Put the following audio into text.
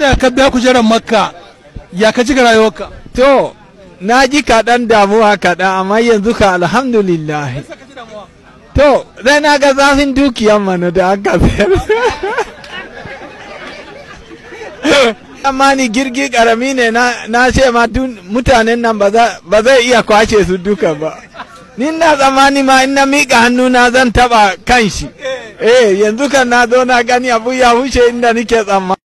ya ka biya kujerar Makka ya ga rayuwarka? To, na ji kaɗan damuwa kaɗan amma yanzu ka alhamdulillah. To, zai na ga zafin dukiyan mana da aka sayar. Amma ni girgi karami ne na ce ma mutanen nan ba zai iya kwace su duka ba. Ni na tsammani ma ina mika miƙa hannu na zan taɓa kanshi. Eh. eh, yanzu kan na zo na gani abu ya hushe inda nike tsammani.